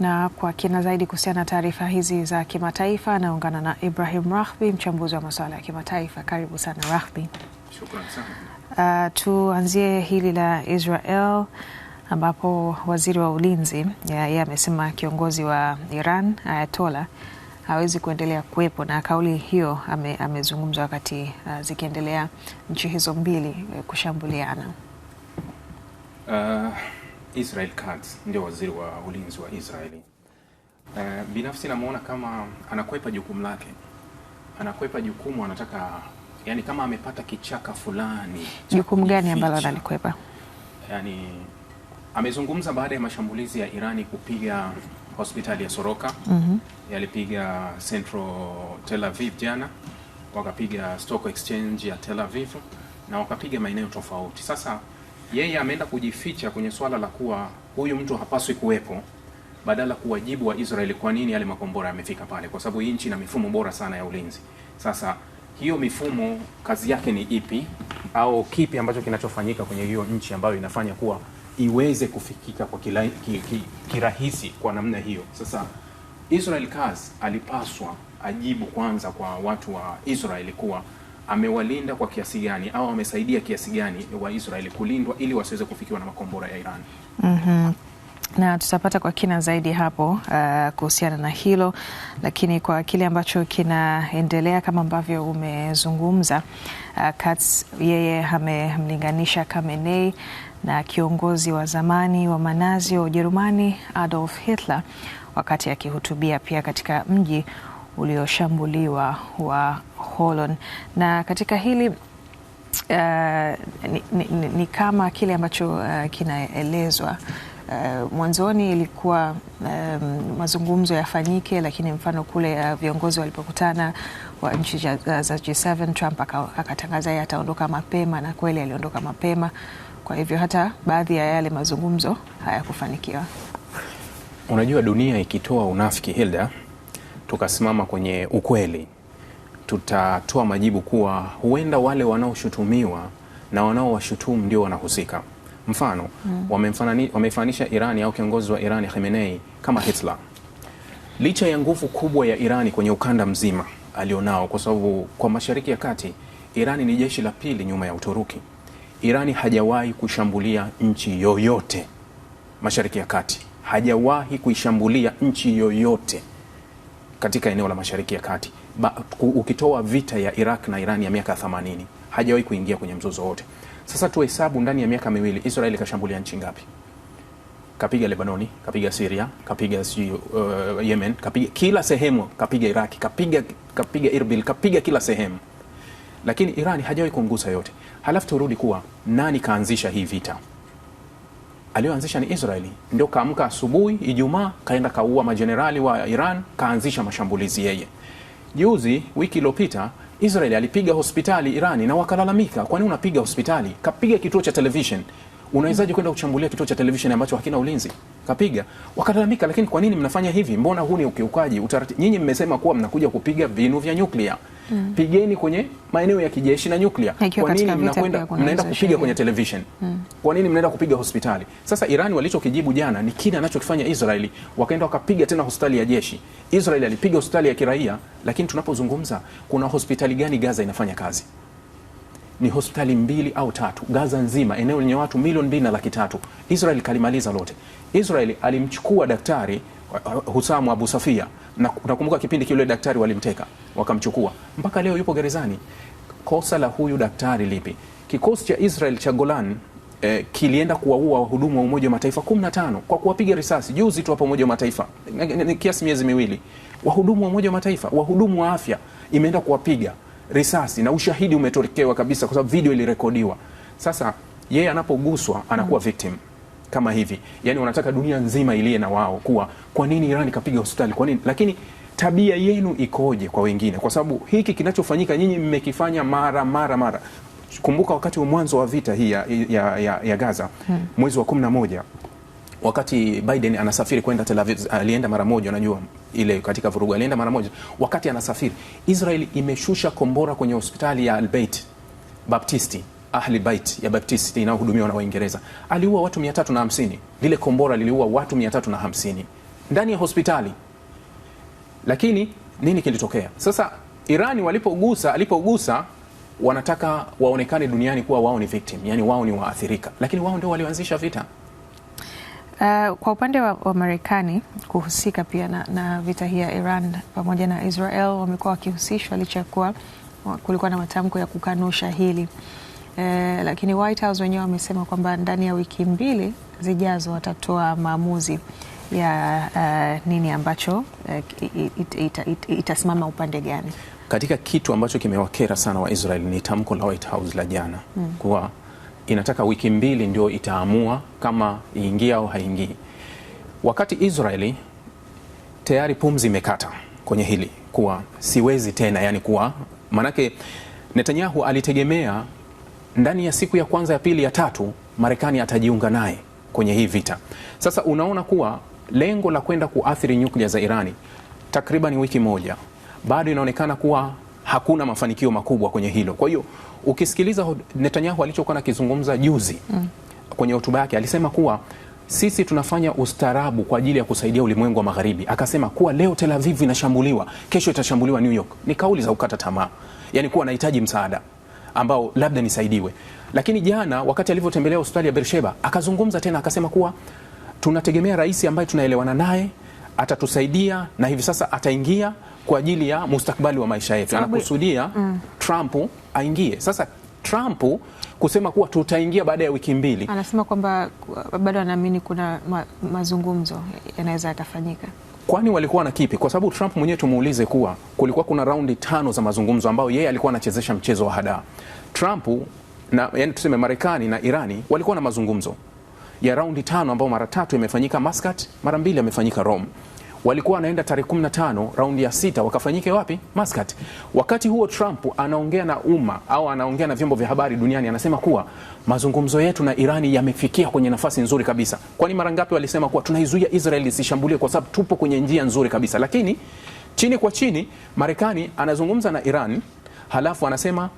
Na kwa kina zaidi kuhusiana na taarifa hizi za kimataifa, anaungana na Ibrahim Rahbi, mchambuzi wa masuala ya kimataifa. Karibu sana Rahbi. Uh, tuanzie hili la Israel ambapo waziri wa ulinzi yeye amesema kiongozi wa Iran Ayatola hawezi kuendelea kuwepo, na kauli hiyo ame, amezungumza wakati uh, zikiendelea nchi hizo mbili uh, kushambuliana uh... Israel Katz ndio waziri wa ulinzi wa Israeli. Uh, binafsi namuona kama anakwepa jukumu lake, anakwepa jukumu, anataka yani kama amepata kichaka fulani. Jukumu gani ambalo analikwepa? Yani amezungumza baada ya mashambulizi ya Irani kupiga hospitali ya Soroka mm -hmm. Yalipiga Central Tel Aviv jana, wakapiga Stock Exchange ya Tel Aviv na wakapiga maeneo tofauti. Sasa yeye ameenda kujificha kwenye swala la kuwa huyu mtu hapaswi kuwepo, badala kuwajibu wa Israeli kwa nini yale makombora yamefika pale, kwa sababu hii nchi ina mifumo bora sana ya ulinzi. Sasa hiyo mifumo kazi yake ni ipi, au kipi ambacho kinachofanyika kwenye hiyo nchi ambayo inafanya kuwa iweze kufikika kwa kila, ki, ki, kirahisi kwa namna hiyo. Sasa Israel Katz alipaswa ajibu kwanza kwa watu wa Israeli kuwa amewalinda kwa kiasi gani au amesaidia kiasi gani Israeli kulindwa ili wasiweze kufikiwa na makombora ya Iran. mm -hmm na tutapata kwa kina zaidi hapo uh, kuhusiana na hilo, lakini kwa kile ambacho kinaendelea kama ambavyo umezungumza uh, Katz yeye amemlinganisha Khamenei na kiongozi wa zamani wa manazi wa Ujerumani Adolf Hitler wakati akihutubia pia katika mji ulioshambuliwa wa Holon, na katika hili Uh, ni, ni, ni kama kile ambacho uh, kinaelezwa uh, mwanzoni ilikuwa um, mazungumzo yafanyike, lakini mfano kule uh, viongozi walipokutana wa nchi za G7 Trump akatangaza yeye ataondoka mapema, na kweli aliondoka mapema. Kwa hivyo hata baadhi ya yale mazungumzo hayakufanikiwa. Unajua, dunia ikitoa unafiki Hilda tukasimama kwenye ukweli, tutatoa majibu kuwa huenda wale wanaoshutumiwa na wanaowashutumu ndio wanahusika. Mfano mm. wameifananisha Irani au kiongozi wa Irani Khamenei kama Hitler, licha ya nguvu kubwa ya Irani kwenye ukanda mzima alionao, kwa sababu kwa Mashariki ya Kati Irani ni jeshi la pili nyuma ya Uturuki. Irani hajawahi kushambulia nchi yoyote Mashariki ya Kati, hajawahi kuishambulia nchi yoyote katika eneo la Mashariki ya Kati ba, ukitoa vita ya Iraq na Iran ya miaka 80 hajawahi kuingia kwenye mzozo wote. Sasa tuhesabu ndani ya miaka miwili israel kashambulia nchi ngapi? Kapiga Lebanoni, kapiga Syria, kapiga uh, Yemen, kapiga kila sehemu, kapiga Iraq, kapiga kapiga Irbil, kapiga kila sehemu. Lakini Iran hajawahi kumgusa yote. Halafu turudi kuwa nani kaanzisha hii vita? aliyoanzisha ni Israeli, ndio kaamka asubuhi Ijumaa kaenda kaua majenerali wa Iran, kaanzisha mashambulizi yeye. Juzi wiki iliyopita Israeli alipiga hospitali Irani na wakalalamika, kwani unapiga hospitali? Kapiga kituo cha televishen Unawezaje kwenda kuchambulia kituo cha televisheni ambacho hakina ulinzi? Kapiga wakalalamika, lakini kwa nini mnafanya hivi? Mbona huu ni ukiukaji utaratibu? Nyinyi mmesema kuwa mnakuja kupiga vinu vya nyuklia mm. Pigeni kwenye maeneo ya kijeshi na nyuklia. Kwa nini mnakwenda mnaenda kupiga kwenye television mm. Kwa nini mnaenda kupiga hospitali? Sasa Iran walichokijibu jana ni kile anachokifanya Israeli, wakaenda wakapiga tena hospitali ya jeshi. Israeli alipiga hospitali ya kiraia, lakini tunapozungumza kuna hospitali gani Gaza inafanya kazi? ni hospitali mbili au tatu Gaza nzima, eneo lenye watu milioni mbili na laki tatu. Israel kalimaliza lote. Israel alimchukua daktari uh, Husamu Abu Safia, na nakumbuka kipindi kile daktari walimteka wakamchukua, mpaka leo yupo gerezani. Kosa la huyu daktari lipi? Kikosi cha Israel cha Golan eh, kilienda kuwaua wahudumu wa Umoja wa Mataifa 15 kwa kuwapiga risasi juzi tu hapo Umoja wa Mataifa, kiasi miezi miwili, wahudumu wa Umoja wa Mataifa, wahudumu wa afya imeenda kuwapiga risasi na ushahidi umetokewa kabisa, kwa sababu video ilirekodiwa. Sasa yeye anapoguswa anakuwa victim kama hivi, yani wanataka dunia nzima iliye na wao kuwa kwa nini Iran kapiga hospitali, kwa nini lakini tabia yenu ikoje kwa wengine? Kwa sababu hiki kinachofanyika nyinyi mmekifanya mara mara mara. Kumbuka wakati wa mwanzo wa vita hii ya, ya, ya, ya Gaza hmm. mwezi wa kumi na moja wakati Biden anasafiri kwenda Tel Aviv, alienda mara moja, unajua ile katika vurugu alienda mara moja. Wakati anasafiri, Israel imeshusha kombora kwenye hospitali ya Albeit Baptisti Ahli Bait ya Baptisti inayohudumiwa na Waingereza, aliua watu 350. Lile kombora liliua watu 350 ndani ya hospitali. Lakini nini kilitokea? Sasa Irani walipogusa alipogusa wanataka waonekane duniani kuwa wao ni victim, yani wao ni waathirika, lakini wao ndio walioanzisha vita. Uh, kwa upande wa, wa Marekani kuhusika pia na, na vita hii ya Iran pamoja na Israel wamekuwa wakihusishwa licha ya kuwa kulikuwa na matamko ya kukanusha hili. uh, lakini White House wenyewe wamesema kwamba ndani ya wiki mbili zijazo watatoa maamuzi ya uh, nini ambacho uh, it, it, it, itasimama upande gani katika kitu ambacho kimewakera sana wa Israel ni tamko la White House la jana hmm. kuwa inataka wiki mbili ndio itaamua kama iingie au haingii, wakati Israeli tayari pumzi imekata kwenye hili kuwa siwezi tena, yani kuwa manake Netanyahu alitegemea ndani ya siku ya kwanza ya pili ya tatu Marekani atajiunga naye kwenye hii vita. Sasa unaona kuwa lengo la kwenda kuathiri nyuklia za Irani takriban wiki moja bado inaonekana kuwa hakuna mafanikio makubwa kwenye hilo. Kwa hiyo ukisikiliza Netanyahu alichokuwa nakizungumza juzi mm. kwenye hotuba yake alisema kuwa sisi tunafanya ustaarabu kwa ajili ya kusaidia ulimwengu wa magharibi. Akasema kuwa leo Tel Aviv inashambuliwa, kesho itashambuliwa New York. Ni kauli za kukata tamaa, yani kuwa anahitaji msaada ambao labda nisaidiwe. Lakini jana wakati alivyotembelea hospitali ya Beersheba akazungumza tena, akasema kuwa tunategemea rais ambaye tunaelewana naye atatusaidia na hivi sasa ataingia kwa ajili ya mustakbali wa maisha yetu. Anakusudia mm. Trump aingie. Sasa Trump kusema kuwa tutaingia baada ya wiki mbili, anasema kwamba bado anaamini kuna ma, mazungumzo yanaweza yakafanyika. Kwani walikuwa na kipi? Kwa sababu Trump mwenyewe tumuulize kuwa kulikuwa kuna raundi tano za mazungumzo ambayo yeye alikuwa anachezesha mchezo wa hadaa. Trump na yani, tuseme Marekani na Irani walikuwa na mazungumzo ya raundi tano ambayo mara tatu yamefanyika Muscat, mara mbili yamefanyika Rome walikuwa wanaenda tarehe 15 raundi ya sita wakafanyike wapi? Maskat. Wakati huo Trump anaongea na umma au anaongea na vyombo vya habari duniani, anasema kuwa mazungumzo yetu na Irani yamefikia kwenye nafasi nzuri kabisa. Kwani mara ngapi walisema kuwa tunaizuia Israeli isishambulie kwa sababu tupo kwenye njia nzuri kabisa, lakini chini kwa chini Marekani anazungumza na Iran halafu anasema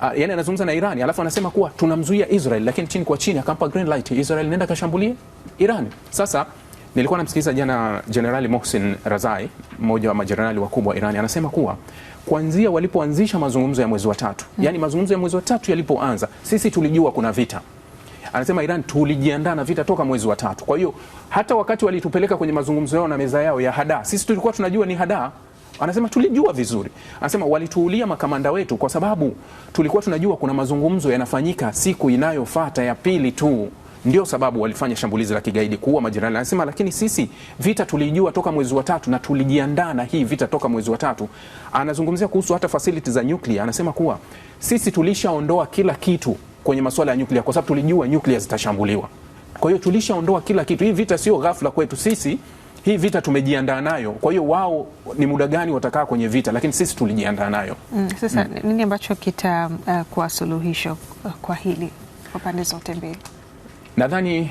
ah, yani anazungumza na Irani alafu anasema kuwa tunamzuia Israel, lakini chini kwa chini akampa green light Israel, nenda kashambulie Iran. Sasa Nilikuwa namsikiliza jana Jenerali Mohsin Razai, mmoja wa majenerali wakubwa wa Irani, anasema kuwa kuanzia walipoanzisha mazungumzo ya mwezi wa tatu mm. yani mazungumzo ya mwezi wa tatu yalipoanza, sisi tulijua kuna vita. Anasema Iran tulijiandaa na vita toka mwezi wa tatu. Kwa hiyo hata wakati walitupeleka kwenye mazungumzo yao na meza yao ya hadaa, sisi tulikuwa tunajua ni hadaa. Anasema tulijua vizuri. Anasema walituulia makamanda wetu kwa sababu tulikuwa tunajua kuna mazungumzo yanafanyika siku inayofuata ya pili tu ndio sababu walifanya shambulizi la kigaidi kuua majirani. Anasema lakini sisi vita tulijua toka mwezi wa tatu na tulijiandaa na hii vita toka mwezi wa tatu. Anazungumzia kuhusu hata facility za nyuklia, anasema kuwa sisi tulishaondoa kila kitu kwenye masuala ya nyuklia kwa sababu tulijua nyuklia zitashambuliwa. Kwa hiyo tulishaondoa kila kitu. Hii vita sio ghafla kwetu sisi, hii vita tumejiandaa nayo. Kwa hiyo wao ni muda gani watakaa kwenye vita, lakini sisi tulijiandaa nayo. Mm, sasa mm. Nini ambacho kitakuwa uh, suluhisho uh, kwa hili kwa pande zote mbili? Nadhani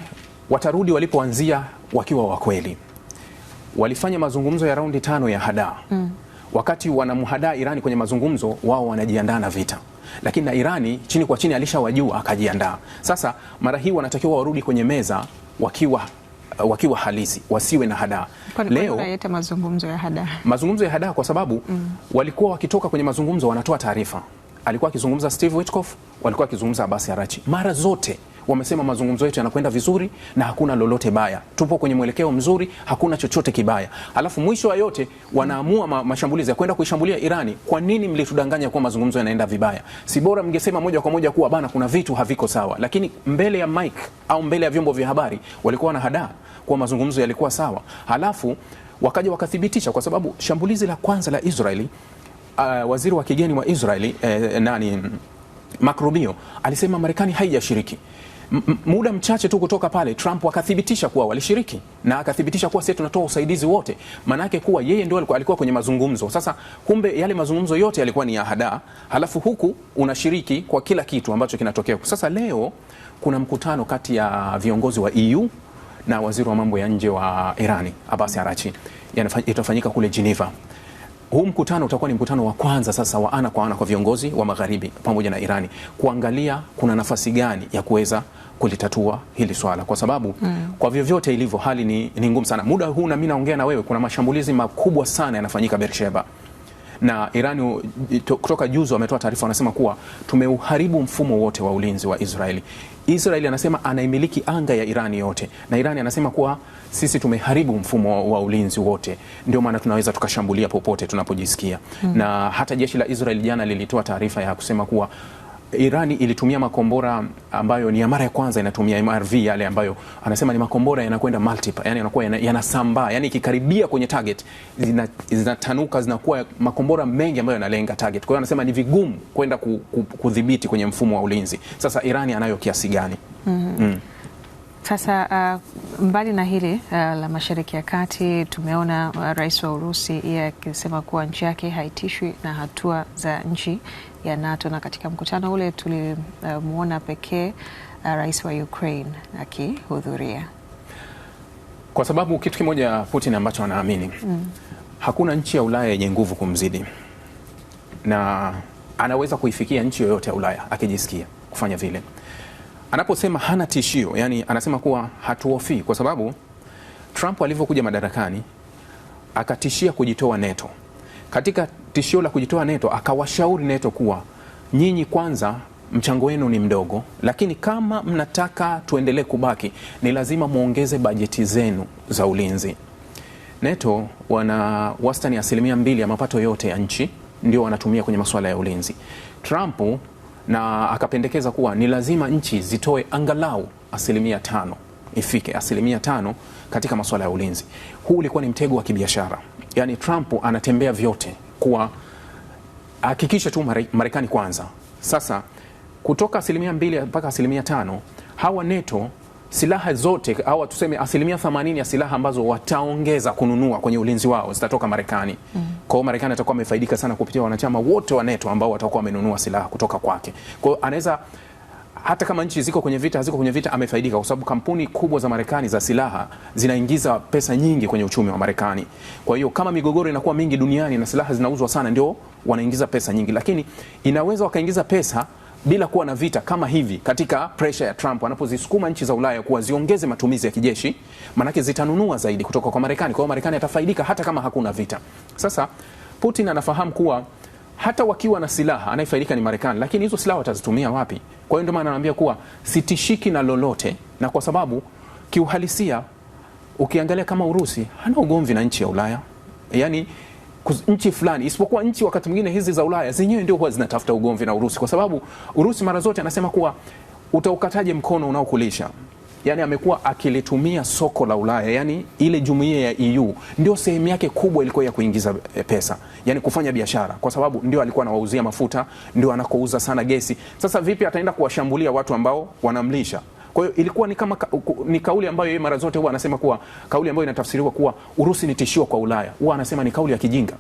watarudi walipoanzia wakiwa wakweli. Walifanya mazungumzo ya raundi tano ya hadaa mm. Wakati wanamhadaa Irani kwenye mazungumzo, wao wanajiandaa na vita, lakini na Irani chini kwa chini alishawajua akajiandaa. Sasa mara hii wanatakiwa warudi kwenye meza wakiwa uh, wakiwa halisi wasiwe na hadaa. Leo wanaleta mazungumzo ya hadaa, mazungumzo ya hadaa kwa sababu mm. walikuwa wakitoka kwenye mazungumzo wanatoa taarifa. Alikuwa akizungumza Steve Witkoff, walikuwa akizungumza Abasi Arachi mara zote wamesema mazungumzo yetu yanakwenda vizuri na hakuna lolote baya, tupo kwenye mwelekeo mzuri, hakuna chochote kibaya. Alafu mwisho wa yote wanaamua ma mashambulizi ya kwenda kuishambulia Irani. Kwa nini mlitudanganya kuwa mazungumzo yanaenda vibaya? Si bora mngesema moja kwa moja kuwa bana, kuna vitu haviko sawa, lakini mbele ya Mike au mbele ya vyombo vya habari walikuwa na wanahadaa kuwa mazungumzo yalikuwa sawa, halafu wakaja wakathibitisha, kwa sababu shambulizi la kwanza la Israeli uh, waziri wa kigeni wa Israeli eh, eh nani mm, Mark Rubio alisema Marekani haijashiriki muda mchache tu kutoka pale Trump akathibitisha kuwa walishiriki na akathibitisha kuwa sisi tunatoa usaidizi wote, maanake kuwa yeye ndio alikuwa kwenye mazungumzo. Sasa kumbe yale mazungumzo yote yalikuwa ni ya halafu huku unashiriki kwa kila kitu ambacho kinatokea. Sasa leo kuna mkutano kati ya viongozi wa EU na waziri wa mambo ya nje wa Irani Abbas Arachi, itafanyika kule Geneva huu mkutano utakuwa ni mkutano wa kwanza sasa wa ana kwa ana kwa viongozi wa magharibi pamoja na Irani kuangalia kuna nafasi gani ya kuweza kulitatua hili swala, kwa sababu mm. kwa vyovyote ilivyo hali ni, ni ngumu sana. Muda huu na mimi naongea na wewe, kuna mashambulizi makubwa sana yanafanyika Beersheba na iran kutoka juzi wametoa taarifa, wanasema kuwa tumeuharibu mfumo wote wa ulinzi wa Israeli. Israeli anasema anaimiliki anga ya Irani yote, na Irani anasema kuwa sisi tumeharibu mfumo wa ulinzi wote, ndio maana tunaweza tukashambulia popote tunapojisikia. Mm. Na hata jeshi la Israeli jana lilitoa taarifa ya kusema kuwa Irani ilitumia makombora ambayo ni ya mara ya kwanza inatumia MRV yale ambayo anasema ni makombora yanakwenda multiple, yani yanakuwa yanasambaa, yani ikikaribia kwenye target zinatanuka, zinakuwa makombora mengi ambayo yanalenga target. Kwa hiyo anasema ni vigumu kwenda kudhibiti kwenye mfumo wa ulinzi. Sasa Irani anayo kiasi gani? Mm-hmm. mm -hmm. mm. Sasa uh, mbali na hili uh, la Mashariki ya Kati tumeona uh, rais wa Urusi yeye akisema kuwa nchi yake haitishwi na hatua za nchi ya NATO, na katika mkutano ule tulimwona uh, pekee uh, rais wa Ukraine akihudhuria, kwa sababu kitu kimoja Putin ambacho anaamini mm, hakuna nchi ya Ulaya yenye nguvu kumzidi, na anaweza kuifikia nchi yoyote ya Ulaya akijisikia kufanya vile anaposema hana tishio, yani anasema kuwa hatuhofii, kwa sababu Trump alivyokuja madarakani akatishia kujitoa NATO. Katika tishio la kujitoa NATO akawashauri NATO kuwa nyinyi kwanza mchango wenu ni mdogo, lakini kama mnataka tuendelee kubaki ni lazima mwongeze bajeti zenu za ulinzi. NATO wana wastani ya asilimia mbili ya mapato yote ya nchi ndio wanatumia kwenye masuala ya ulinzi. Trump na akapendekeza kuwa ni lazima nchi zitoe angalau asilimia tano ifike asilimia tano katika masuala ya ulinzi. Huu ulikuwa ni mtego wa kibiashara, yaani Trump anatembea vyote kuwa ahakikishe tu Marekani kwanza. Sasa kutoka asilimia mbili mpaka asilimia tano hawa NATO silaha zote au tuseme asilimia 80 ya silaha ambazo wataongeza kununua kwenye ulinzi wao zitatoka Marekani. Mm. Kwa hiyo Marekani atakuwa amefaidika sana kupitia wanachama wote wa NATO ambao watakuwa wamenunua silaha kutoka kwake. Kwa hiyo anaweza hata kama nchi ziko kwenye vita haziko kwenye vita, amefaidika kwa sababu kampuni kubwa za Marekani za silaha zinaingiza pesa nyingi kwenye uchumi wa Marekani. Kwa hiyo kama migogoro inakuwa mingi duniani na silaha zinauzwa sana, ndio wanaingiza pesa nyingi, lakini inaweza wakaingiza pesa bila kuwa na vita kama hivi katika pressure ya Trump anapozisukuma nchi za Ulaya kuwa ziongeze matumizi ya kijeshi, manake zitanunua zaidi kutoka kwa Marekani. Kwa hiyo Marekani atafaidika hata kama hakuna vita. Sasa Putin anafahamu kuwa hata wakiwa na silaha anayefaidika ni Marekani, lakini hizo silaha watazitumia wapi? Kwa hiyo ndio maana anaambia kuwa sitishiki na lolote, na kwa sababu kiuhalisia ukiangalia kama Urusi hana ugomvi na nchi ya Ulaya, yaani nchi fulani, isipokuwa nchi wakati mwingine hizi za Ulaya zenyewe ndio huwa zinatafuta ugomvi na Urusi, kwa sababu Urusi mara zote anasema kuwa utaukataje mkono unaokulisha yani amekuwa akilitumia soko la Ulaya, yani ile jumuiya ya EU ndio sehemu yake kubwa ilikuwa ya kuingiza eh, pesa, yani kufanya biashara, kwa sababu ndio alikuwa anawauzia mafuta, ndio anakouza sana gesi. Sasa vipi ataenda kuwashambulia watu ambao wanamlisha? Kwa hiyo ilikuwa ni kama ni kauli ambayo yeye mara zote huwa anasema kuwa kauli ambayo inatafsiriwa kuwa Urusi ni tishio kwa Ulaya, huwa anasema ni kauli ya kijinga.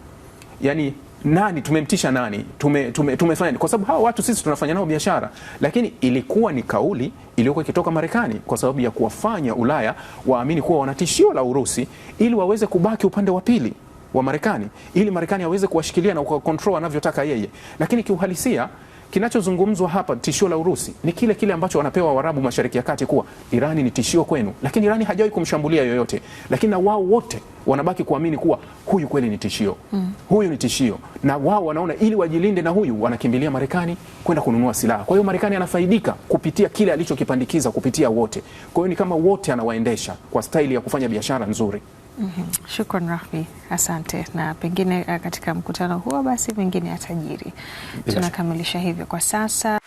Yaani nani tumemtisha nani? Tume, tume, tumefanya kwa sababu hawa watu sisi tunafanya nao biashara, lakini ilikuwa ni kauli iliyokuwa ikitoka Marekani kwa sababu ya kuwafanya Ulaya waamini kuwa wana tishio la Urusi ili waweze kubaki upande wa pili wa Marekani ili Marekani aweze kuwashikilia na kuwakontrol anavyotaka yeye, lakini kiuhalisia Kinachozungumzwa hapa tishio la Urusi ni kile kile ambacho wanapewa Waarabu Mashariki ya Kati, kuwa Irani ni tishio kwenu, lakini Irani hajawahi kumshambulia yoyote, lakini na wao wote wanabaki kuamini kuwa huyu kweli ni tishio mm. Huyu ni tishio, na wao wanaona ili wajilinde na huyu, wanakimbilia Marekani kwenda kununua silaha. Kwa hiyo Marekani anafaidika kupitia kile alichokipandikiza kupitia wote. Kwa hiyo ni kama wote anawaendesha kwa staili ya kufanya biashara nzuri. Mm -hmm. Shukran Rahbi, asante. Na pengine eh, katika mkutano huo basi mengine yatajiri. Tunakamilisha hivyo kwa sasa.